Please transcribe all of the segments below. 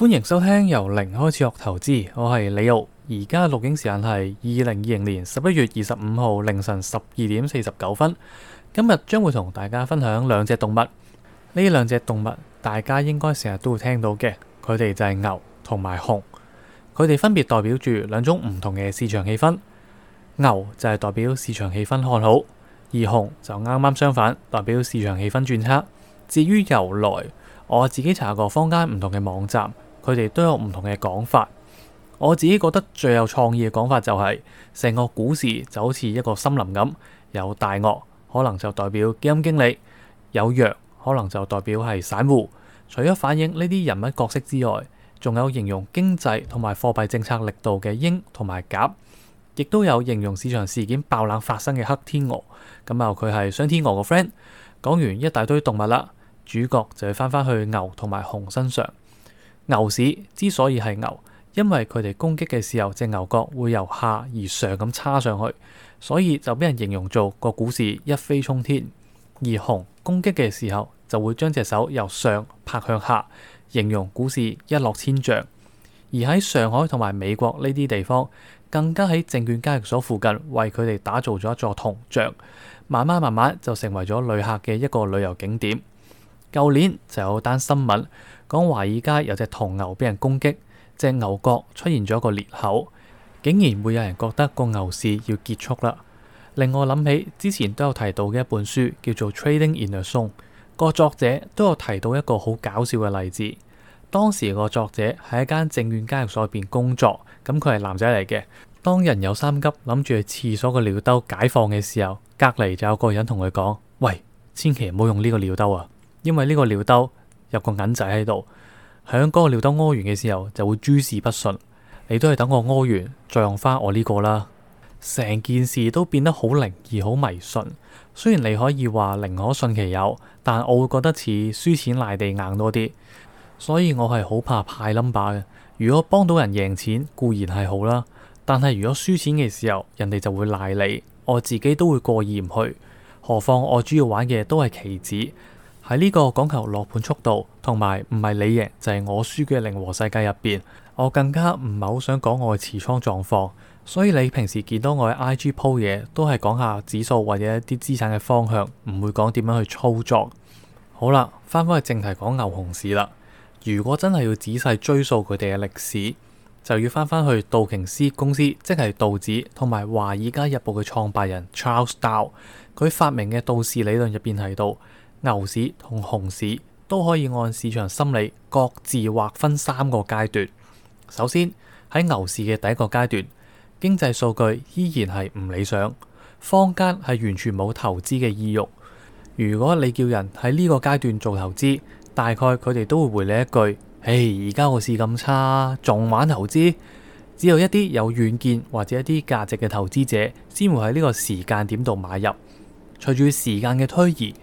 歡迎收聽由零開始學投資，我係李奧。而家錄影時間係二零二零年十一月二十五號凌晨十二點四十九分。今日將會同大家分享兩隻動物，呢兩隻動物大家應該成日都會聽到嘅，佢哋就係牛同埋熊，佢哋分別代表住兩種唔同嘅市場氣氛。牛就係代表市場氣氛看好，而熊就啱啱相反，代表市場氣氛轉差。至於由來，我自己查過坊間唔同嘅網站。佢哋都有唔同嘅講法。我自己覺得最有創意嘅講法就係、是、成個股市就好似一個森林咁，有大鱷，可能就代表基金經理；有羊，可能就代表係散戶。除咗反映呢啲人物角色之外，仲有形容經濟同埋貨幣政策力度嘅鷹同埋鴿，亦都有形容市場事件爆冷發生嘅黑天鵝。咁啊，佢係雙天鵝個 friend。講完一大堆動物啦，主角就要翻返去牛同埋熊身上。牛市之所以係牛，因為佢哋攻擊嘅時候，隻牛角會由下而上咁叉上去，所以就俾人形容做個股市一飛沖天；而熊攻擊嘅時候就會將隻手由上拍向下，形容股市一落千丈。而喺上海同埋美國呢啲地方，更加喺證券交易所附近為佢哋打造咗一座銅像，慢慢慢慢就成為咗旅客嘅一個旅遊景點。舊年就有單新聞。講華爾街有隻銅牛被人攻擊，隻牛角出現咗個裂口，竟然會有人覺得個牛市要結束啦。令我諗起之前都有提到嘅一本書，叫做《Trading in the Zone》，個作者都有提到一個好搞笑嘅例子。當時個作者喺一間證券交易所入邊工作，咁佢係男仔嚟嘅。當人有三急諗住去廁所個尿兜解放嘅時候，隔籬就有個人同佢講：喂，千祈唔好用呢個尿兜啊，因為呢個尿兜，有個銀仔喺度，喺嗰個尿兜屙完嘅時候就會諸事不順。你都係等我屙完再用翻我呢個啦，成件事都變得好靈異好迷信。雖然你可以話寧可信其有，但我會覺得似輸錢賴地硬多啲。所以我係好怕派 number 嘅。如果幫到人贏錢固然係好啦，但係如果輸錢嘅時候人哋就會賴你，我自己都會過意唔去。何況我主要玩嘅都係期指。喺呢個講求落盤速度，同埋唔係你贏就係我輸嘅零和世界入邊，我更加唔係好想講我嘅持倉狀況。所以你平時見到我嘅 I G 鋪嘢，都係講下指數或者一啲資產嘅方向，唔會講點樣去操作。好啦，翻返去正題，講牛熊市啦。如果真係要仔細追溯佢哋嘅歷史，就要翻翻去道瓊斯公司，即係道指，同埋華爾街日報嘅創辦人 Charles Dow，佢發明嘅道氏理論入邊係到。牛市同熊市都可以按市場心理各自劃分三個階段。首先喺牛市嘅第一個階段，經濟數據依然係唔理想，坊間係完全冇投資嘅意欲。如果你叫人喺呢個階段做投資，大概佢哋都會回你一句：「唉，而家個市咁差，仲玩投資？只有一啲有遠見或者一啲價值嘅投資者先會喺呢個時間點度買入。隨住時間嘅推移。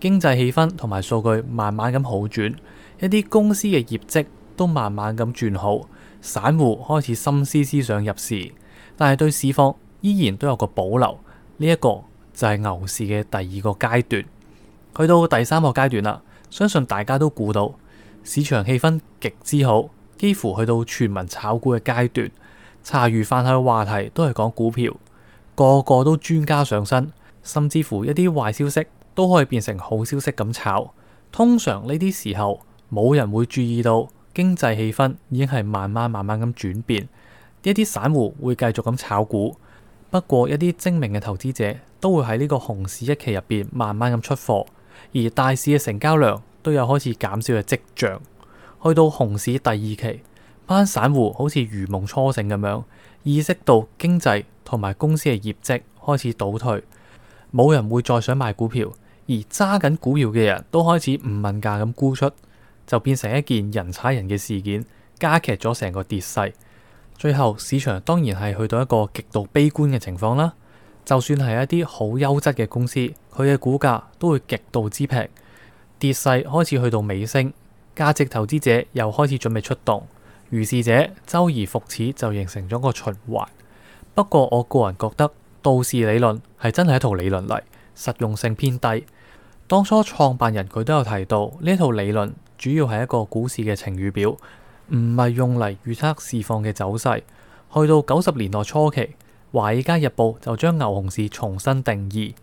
經濟氣氛同埋數據慢慢咁好轉，一啲公司嘅業績都慢慢咁轉好，散戶開始心思思想入市，但係對市況依然都有個保留。呢、這、一個就係牛市嘅第二個階段。去到第三個階段啦，相信大家都估到市場氣氛極之好，幾乎去到全民炒股嘅階段，茶餘飯後嘅話題都係講股票，個個都專家上身，甚至乎一啲壞消息。都可以變成好消息咁炒。通常呢啲時候冇人會注意到經濟氣氛已經係慢慢慢慢咁轉變。一啲散戶會繼續咁炒股，不過一啲精明嘅投資者都會喺呢個熊市一期入邊慢慢咁出貨，而大市嘅成交量都有開始減少嘅跡象。去到熊市第二期，班散戶好似如夢初醒咁樣，意識到經濟同埋公司嘅業績開始倒退，冇人會再想買股票。而揸緊股票嘅人都開始唔問價咁沽出，就變成一件人踩人嘅事件，加劇咗成個跌勢。最後市場當然係去到一個極度悲觀嘅情況啦。就算係一啲好優質嘅公司，佢嘅股價都會極度之平。跌勢開始去到尾聲，價值投資者又開始準備出動，於是者周而復始就形成咗個循環。不過我個人覺得道氏理論係真係一套理論嚟。實用性偏低。當初創辦人佢都有提到，呢套理論主要係一個股市嘅晴雨表，唔係用嚟預測市況嘅走勢。去到九十年代初期，《華爾街日報》就將牛熊市重新定義：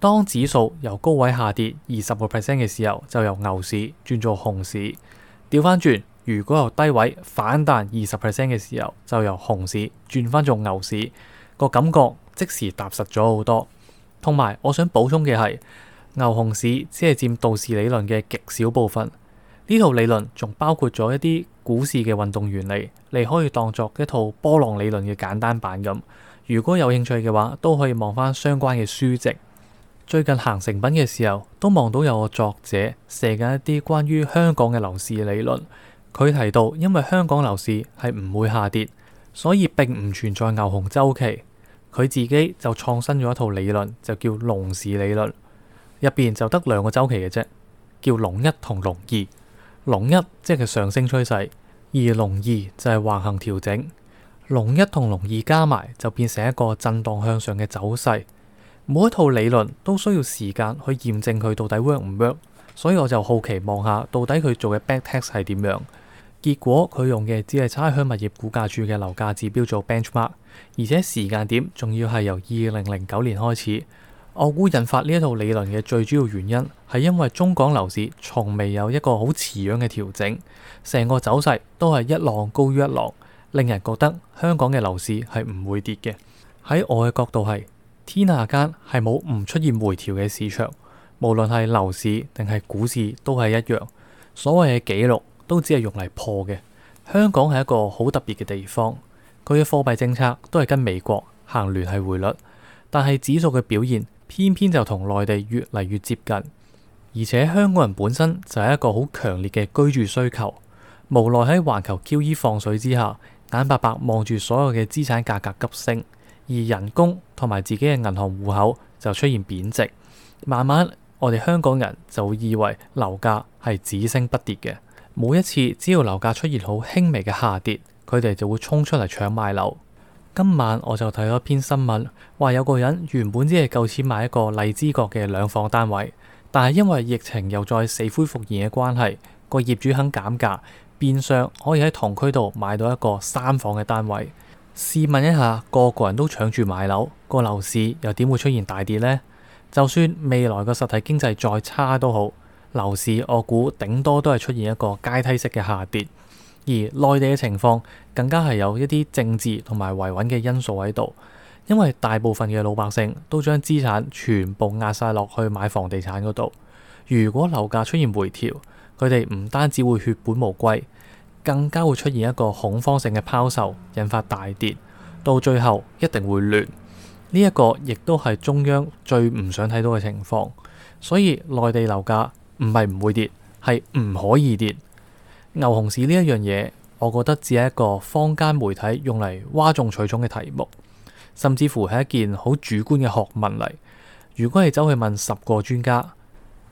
當指數由高位下跌二十個 percent 嘅時候，就由牛市轉做熊市；調翻轉，如果由低位反彈二十 percent 嘅時候，就由熊市轉翻做牛市。個感覺即時踏實咗好多。同埋，我想補充嘅係，牛熊市只係佔道氏理論嘅極少部分。呢套理論仲包括咗一啲股市嘅運動原理，你可以當作一套波浪理論嘅簡單版咁。如果有興趣嘅話，都可以望返相關嘅書籍。最近行誠品嘅時候，都望到有個作者寫緊一啲關於香港嘅樓市理論。佢提到，因為香港樓市係唔會下跌，所以並唔存在牛熊周期。佢自己就創新咗一套理論，就叫龍氏理論，入邊就得兩個周期嘅啫，叫龍一同龍二。龍一即係上升趨勢，而龍二就係橫行調整。龍一同龍二加埋就變成一個震盪向上嘅走勢。每一套理論都需要時間去驗證佢到底 work 唔 work，所以我就好奇望下到底佢做嘅 backtest 係點樣。結果佢用嘅只係差餉物業估價署嘅樓價指標做 benchmark。而且時間點仲要係由二零零九年開始，我估引發呢一套理論嘅最主要原因係因為中港樓市從未有一個好似樣嘅調整，成個走勢都係一浪高於一浪，令人覺得香港嘅樓市係唔會跌嘅。喺我嘅角度係，天下間係冇唔出現回調嘅市場，無論係樓市定係股市都係一樣。所謂嘅紀錄都只係用嚟破嘅。香港係一個好特別嘅地方。佢嘅貨幣政策都係跟美國行聯繫匯率，但係指數嘅表現偏偏就同內地越嚟越接近，而且香港人本身就係一個好強烈嘅居住需求，無奈喺環球 QE 放水之下，眼白白望住所有嘅資產價格急升，而人工同埋自己嘅銀行戶口就出現貶值，慢慢我哋香港人就以為樓價係只升不跌嘅，每一次只要樓價出現好輕微嘅下跌，佢哋就會衝出嚟搶買樓。今晚我就睇咗一篇新聞，話有個人原本只係夠錢買一個荔枝角嘅兩房單位，但係因為疫情又再死灰復燃嘅關係，個業主肯減價，變相可以喺同區度買到一個三房嘅單位。試問一下，個個人都搶住買樓，個樓市又點會出現大跌呢？就算未來個實體經濟再差都好，樓市我估頂多都係出現一個階梯式嘅下跌。而內地嘅情況更加係有一啲政治同埋維穩嘅因素喺度，因為大部分嘅老百姓都將資產全部壓晒落去買房地產嗰度。如果樓價出現回調，佢哋唔單止會血本無歸，更加會出現一個恐慌性嘅拋售，引發大跌，到最後一定會亂。呢一個亦都係中央最唔想睇到嘅情況，所以內地樓價唔係唔會跌，係唔可以跌。牛熊市呢一樣嘢，我覺得只係一個坊間媒體用嚟嘩眾取寵嘅題目，甚至乎係一件好主觀嘅學問嚟。如果係走去問十個專家，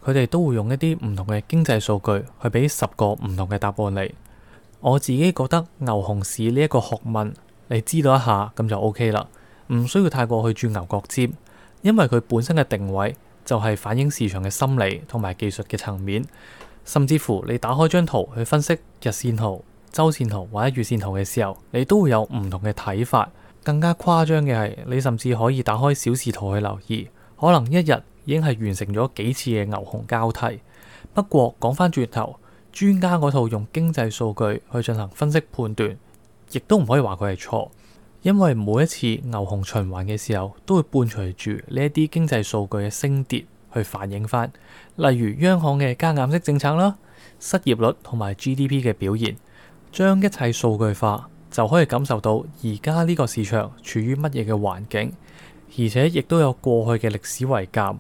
佢哋都會用一啲唔同嘅經濟數據去俾十個唔同嘅答案嚟。我自己覺得牛熊市呢一個學問，你知道一下咁就 OK 啦，唔需要太過去鑽牛角尖，因為佢本身嘅定位就係反映市場嘅心理同埋技術嘅層面。甚至乎你打開張圖去分析日線圖、周線圖或者月線圖嘅時候，你都會有唔同嘅睇法。更加誇張嘅係，你甚至可以打開小時圖去留意，可能一日已經係完成咗幾次嘅牛熊交替。不過講翻轉頭，專家嗰套用經濟數據去進行分析判斷，亦都唔可以話佢係錯，因為每一次牛熊循環嘅時候，都會伴隨住呢一啲經濟數據嘅升跌，去反映翻，例如央行嘅加減息政策啦、失業率同埋 GDP 嘅表現，將一切數據化就可以感受到而家呢個市場處於乜嘢嘅環境，而且亦都有過去嘅歷史為鑑。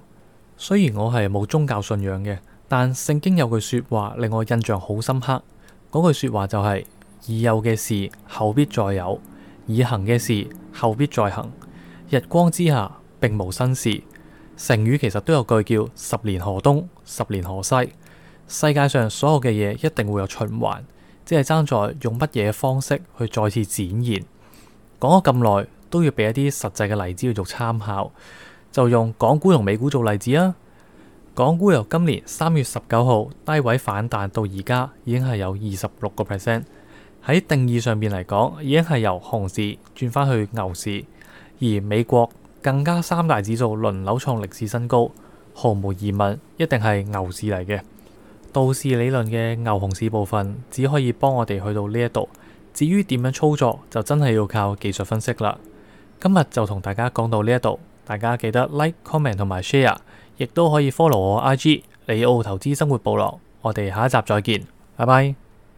雖然我係冇宗教信仰嘅，但聖經有句説話令我印象好深刻，嗰句説話就係、是：已有嘅事後必再有，已行嘅事後必再行。日光之下並無新事。成語其實都有句叫十年河東，十年河西。世界上所有嘅嘢一定會有循環，只係爭在用乜嘢方式去再次展現。講咗咁耐，都要俾一啲實際嘅例子去做參考，就用港股同美股做例子啦。港股由今年三月十九號低位反彈到而家，已經係有二十六個 percent。喺定義上邊嚟講，已經係由熊市轉翻去牛市，而美國。更加三大指數輪流創歷史新高，毫無疑問一定係牛市嚟嘅。道氏理論嘅牛熊市部分只可以幫我哋去到呢一度，至於點樣操作就真係要靠技術分析啦。今日就同大家講到呢一度，大家記得 like、comment 同埋 share，亦都可以 follow 我 IG 李奧投資生活部落。我哋下一集再見，拜拜。